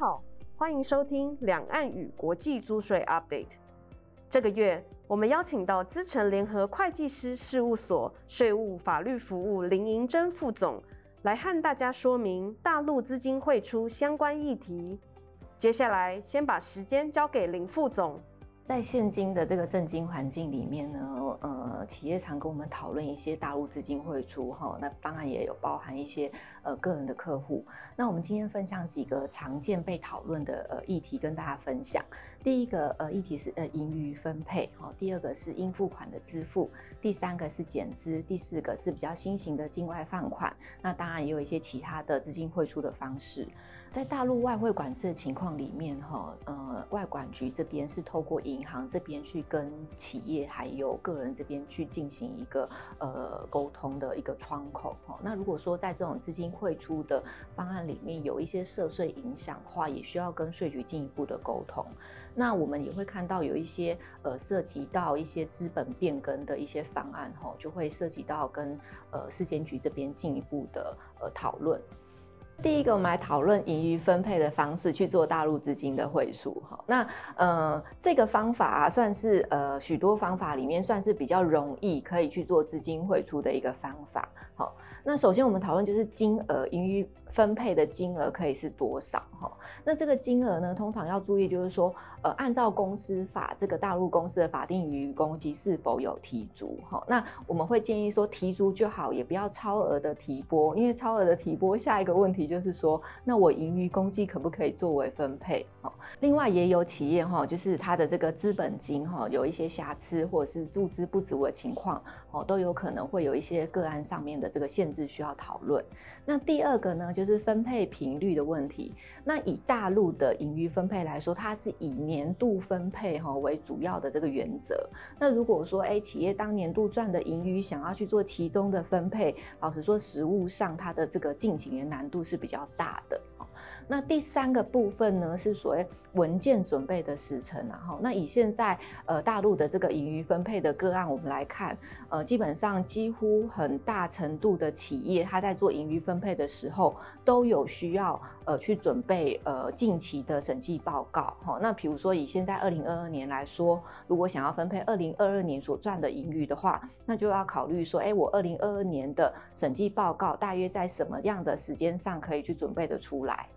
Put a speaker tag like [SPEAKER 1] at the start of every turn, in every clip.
[SPEAKER 1] 好，歡迎收聽兩岸與國際租稅 Update。這個月，我們邀請到資誠聯合會計師事務所稅務法律服務林銀珍副總來和大家說明大陸資金匯出相關議題。接下來，先把時間交給林副總。在現今的這個政經環境裡面呢，呃，企業常跟我們討論一些大陸資金匯出哈、哦，那當然也有包含一些呃個人的客戶。那我們今天分享幾個常見被討論的呃議題跟大家分享。第一個呃議題是呃盈餘分配，哈、哦，第二個是應付款的支付，第三個是減資；第四個是比較新型的境外放款，那當然也有一些其他的資金匯出的方式，在大陸外匯管制的情況裡面哈，呃外管局這邊是透過銀行這邊去跟企業還有個人這邊去進行一個呃溝通的一個窗口哈、哦，那如果說在這種資金匯出的方案裡面有一些涉稅影響的話，也需要跟稅局進一步的溝通。那我們也會看到有一些呃涉及到一些資本變更的一些方案吼、哦，就會涉及到跟呃市監局這邊進一步的呃討論。第一個，我們來討論盈餘分配的方式去做大陸資金的匯出哈。那呃這個方法啊算是呃許多方法裡面算是比較容易可以去做資金匯出的一個方法。好、哦，那首先我們討論就是金額盈餘分配的金額可以是多少哈、哦？那這個金額呢，通常要注意就是說，呃，按照公司法，這個大陸公司的法定盈餘公積是否有提足哈、哦？那我們會建議說提足就好，也不要超額的提撥，因為超額的提撥，下一個問題就是說，那我盈餘公積可不可以作為分配哈、哦？另外也有企業哈、哦，就是它的這個資本金哈、哦，有一些瑕疵或者是注資不足的情況哦，都有可能會有一些個案上面的這個限制需要討論。那第二個呢？就就是分配頻率的問題。那以大陸的盈餘分配來說，它是以年度分配，喔，為主要的這個原則。那如果說誒、欸、企業當年度賺的盈餘想要去做期中的分配，老實說，實務上它的這個進行的難度是比較大的。那第三個部分呢，是所謂文件準備的時程、啊。然後那以現在呃大陸的這個盈餘分配的個案，我們來看，呃基本上幾乎很大程度的企業，它在做盈餘分配的時候，都有需要呃去準備呃近期的審計報告，哈、哦，那比如說以現在二零二二年來說，如果想要分配二零二二年所賺的盈餘的話，那就要考慮說，哎，我二零二二年的審計報告大約在什麼樣的時間上可以去準備得出來？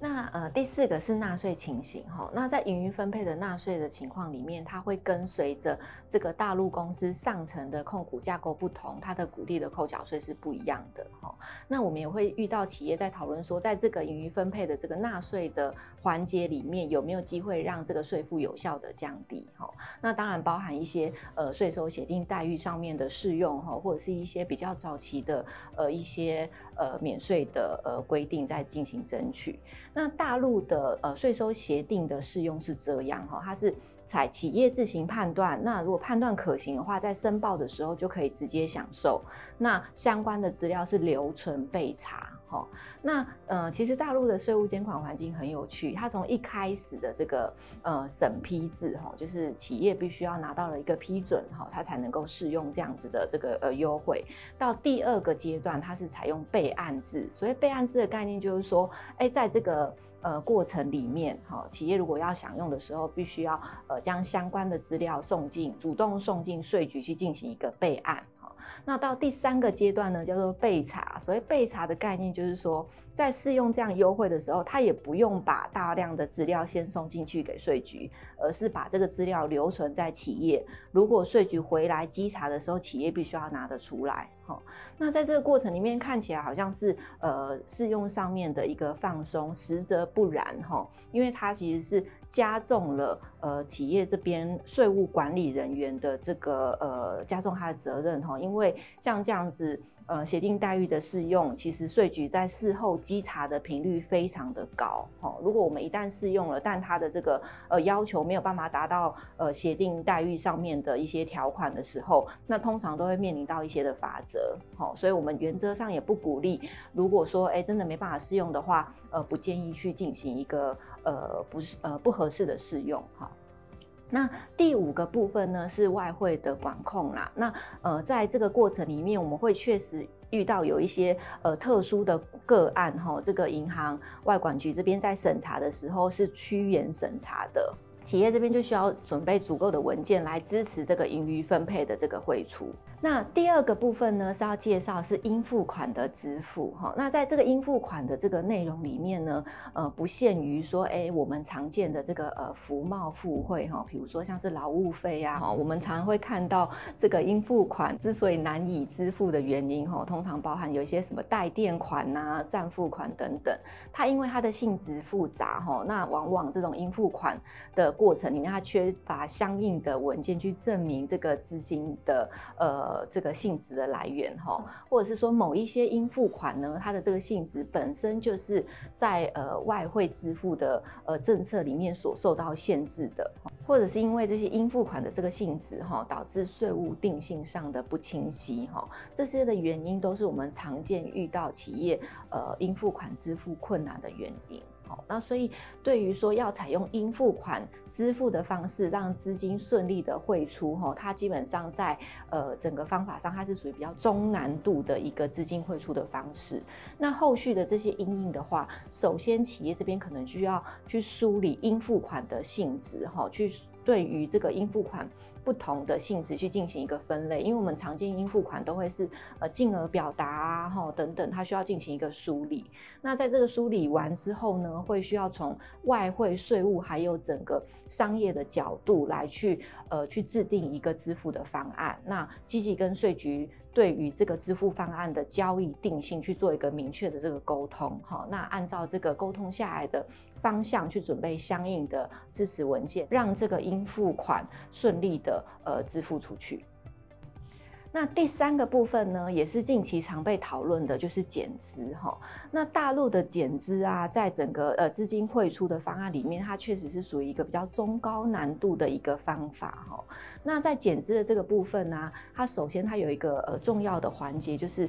[SPEAKER 1] 那呃，第四個是納稅情形哈、哦。那在盈餘分配的納稅的情況裡面，它會跟隨着這個大陸公司上層的控股架構不同，它的股利的扣繳稅是不一樣的哈、哦。那我們也會遇到企業在討論說，在這個盈餘分配的這個納稅的環節裡面，有沒有機會讓這個稅負有效的降低哈、哦？那當然包含一些呃稅收協定待遇上面的適用哈、哦，或者是一些比較早期的呃一些。呃，免稅的呃規定在進行爭取。那大陸的呃稅收協定的適用是這樣哈，它是採企業自行判斷。那如果判斷可行的話，在申報的時候就可以直接享受。那相關的資料是留存備查。好、哦，那呃，其實大陸的稅務監管環境很有趣，它從一開始的這個呃審批制，哈、哦，就是企業必須要拿到了一個批准，哈、哦，它才能夠適用這樣子的這個呃優惠，到第二個階段，它是採用備案制，所以備案制的概念就是說，哎、欸，在這個呃過程裡面，哈、哦，企業如果要享用的時候，必須要呃將相關的資料送進，主動送進稅局去進行一個備案。那到第三個階段呢，叫做備查。所謂備查的概念就是說，在適用這樣優惠的時候，他也不用把大量的資料先送進去給稅局，而是把這個資料留存在企業。如果稅局回來稽查的時候，企業必須要拿得出來。哦、那在這個過程裡面看起來好像是呃適用上面的一個放鬆，實則不然哈、哦，因為它其實是加重了呃企業這邊稅務管理人員的這個呃加重他的責任哈、哦，因為像這樣子呃協定待遇的適用，其實稅局在事後稽查的頻率非常的高哦，如果我們一旦適用了，但他的這個呃要求沒有辦法達到呃協定待遇上面的一些條款的時候，那通常都會面臨到一些的罰則。好、哦，所以我們原則上也不鼓勵。如果說誒、欸、真的沒辦法適用的話，呃，不建議去進行一個呃，不是呃不合適的適用哈、哦。那第五個部分呢，是外匯的管控啦。那呃，在這個過程裡面，我們會確實遇到有一些呃特殊的個案哈、哦。這個銀行外管局這邊在審查的時候是趨嚴審查的，企業這邊就需要準備足夠的文件來支持這個盈餘分配的這個匯出。那第二個部分呢，是要介紹是應付款的支付哈、哦。那在這個應付款的這個內容裡面呢，呃，不限於說，哎、欸，我們常見的這個呃，服貿付匯哈，比、哦、如說像是勞務費啊，哈、哦，我們常常會看到這個應付款之所以難以支付的原因、哦、通常包含有一些什麼代墊款，呐、啊、暫付款等等，它因為它的性質複雜哈、哦，那往往這種應付款的過程裡面，它缺乏相應的文件去證明這個資金的呃。呃，這個性質的來源哈，或者是說某一些應付款呢，它的這個性質本身就是在呃外匯支付的呃政策裡面所受到限制的，或者是因為這些應付款的這個性質哈，導致稅務定性上的不清晰哈、哦，這些的原因都是我們常見遇到企業呃應付款支付困難的原因。那所以，對於說要採用應付款支付的方式，讓資金順利的匯出，哈，它基本上在呃整個方法上，它是屬於比較中難度的一個資金匯出的方式。那後續的這些因應的話，首先企業這邊可能需要去梳理應付款的性質，哈，去對於這個應付款。不同的性質去進行一個分類，因為我們常見應付款都會是呃金額表達啊，哈、哦、等等，它需要進行一個梳理。那在這個梳理完之後呢，會需要從外匯稅務還有整個商業的角度來去呃去制定一個支付的方案。那積極跟稅局對於這個支付方案的交易定性去做一個明確的這個溝通，好、哦，那按照這個溝通下來的方向去準備相應的支持文件，讓這個應付款順利的。呃，支付出去。那第三個部分呢，也是近期常被討論的，就是減資哈、哦。那大陸的減資啊，在整個呃資金匯出的方案裡面，它確實是屬於一個比較中高難度的一個方法哈、哦。那在減資的這個部分呢、啊，它首先它有一個呃重要的環節就是。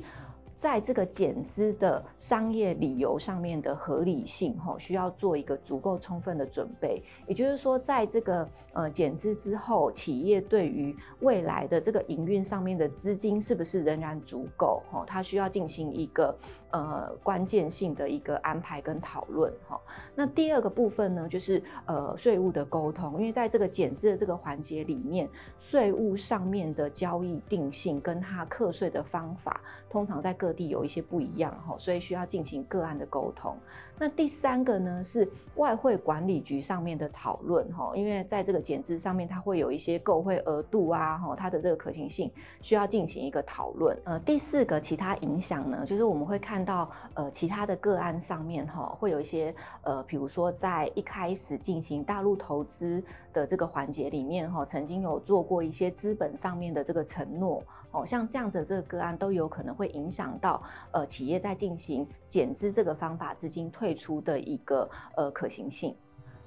[SPEAKER 1] 在這個減資的商業理由上面的合理性，哈，需要做一個足夠充分的準備。也就是說，在這個呃減資之後，企業對於未來的這個營運上面的資金是不是仍然足夠，哈，它需要進行一個呃關鍵性的一個安排跟討論，哈。那第二個部分呢，就是呃稅務的溝通，因為在這個減資的這個環節裡面，稅務上面的交易定性跟它課稅的方法，通常在各各地有一些不一樣哈，所以需要進行個案的溝通。那第三個呢是外匯管理局上面的討論哈，因為在這個減資上面，它會有一些購匯額度啊哈，它的這個可行性需要進行一個討論。呃，第四個其他影響呢，就是我們會看到呃其他的個案上面哈，會有一些呃，比如說在一開始進行大陸投資的這個環節裡面哈，呃，曾經有做過一些資本上面的這個承諾哦，呃，像這樣子的這個個案都有可能會影響。到呃，企業在進行減資這個方法，資金退出的一個呃可行性。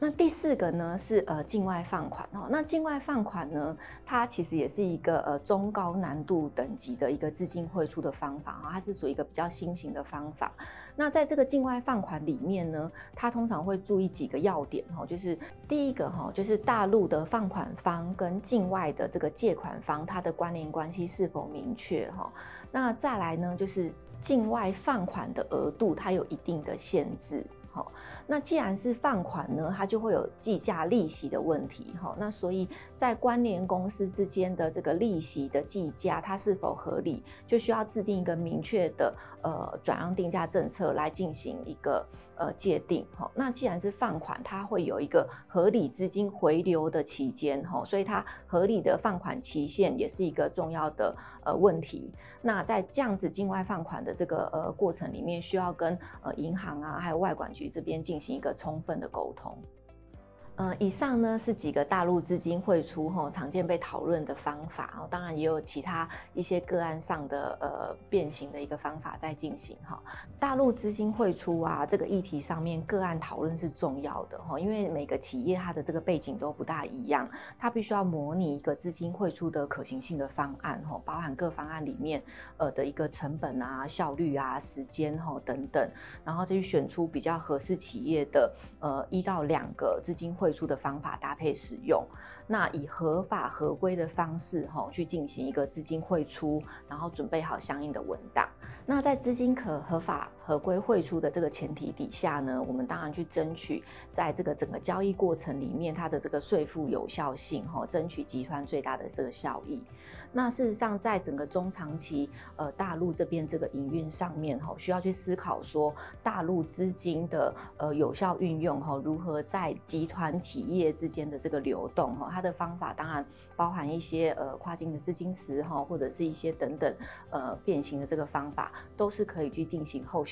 [SPEAKER 1] 那第四個呢是呃境外放款哦。那境外放款呢，它其實也是一個呃中高難度等級的一個資金匯出的方法，它是屬於一個比較新型的方法。那在這個境外放款裡面呢，它通常會注意幾個要點哈，就是第一個哈，就是大陸的放款方跟境外的這個借款方它的關聯關係是否明確哈，那再來呢，就是境外放款的額度它有一定的限制。哦，那既然是放款呢，它就會有計價利息的問題哈，哦，那所以在關聯公司之間的這個利息的計價，它是否合理，就需要制定一個明確的呃轉讓定價政策來進行一個。呃，界定哈、哦，那既然是放款，它會有一個合理資金回流的期間哈、哦，所以它合理的放款期限也是一個重要的呃問題。那在這樣子境外放款的這個呃過程裡面，需要跟呃銀行啊，還有外管局這邊進行一個充分的溝通。嗯、呃，以上呢是幾個大陸資金匯出哈、哦，常見被討論的方法哦。當然也有其他一些個案上的呃變形的一個方法在進行哈、哦。大陸資金匯出啊這個議題上面個案討論是重要的哈、哦，因為每個企業它的這個背景都不大一樣，它必須要模擬一個資金匯出的可行性的方案哈、哦，包含各方案裡面呃的一個成本啊、效率啊、時間吼、哦、等等，然後再去選出比較合適企業的呃一到兩個資金匯出。匯出的方法搭配使用，那以合法合規的方式哈、哦、去進行一個資金匯出，然後準備好相應的文檔。那在資金可合法。合規匯出的這個前提底下呢，我們當然去爭取在這個整個交易過程裡面，它的這個稅負有效性哈、哦，爭取集團最大的這個效益。那事實上，在整個中長期呃大陸這邊這個營運上面哈、哦，需要去思考說大陸資金的呃有效運用哈、哦，如何在集團企業之間的這個流動哈、哦，它的方法當然包含一些呃跨境的資金池哈、哦，或者是一些等等呃變形的這個方法，都是可以去進行後續